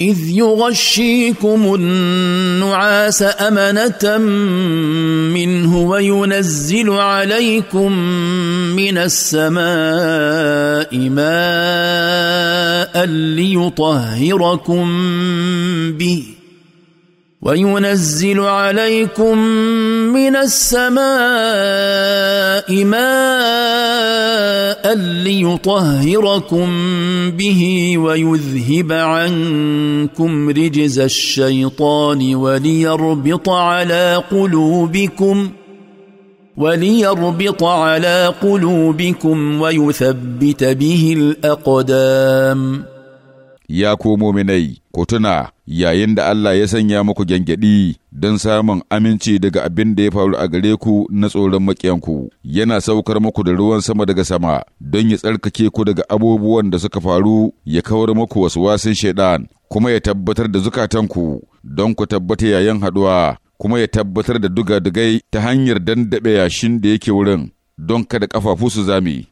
إذ يغشيكم النعاس أمنة منه وينزل عليكم من السماء ماء ليطهركم به وينزل عليكم من السماء ماء ليطهركم به ويذهب عنكم رجز الشيطان وليربط على قلوبكم وليربط على قلوبكم ويثبت به الأقدام يا كومو مني ku yayin da Allah ya sanya muku gyangyaɗi don samun aminci daga abin da ya faru a gare ku na tsoron maƙiyanku, yana saukar muku da ruwan sama daga sama don ya tsarkake ku daga abubuwan da suka faru ya kawar muku wasu wasin shaidan kuma ya tabbatar da zukatanku don ku tabbata yayin haɗuwa kuma ya tabbatar da duga-dugai ta hanyar dandaɓe yashin da yake wurin don kada ƙafafu su zame.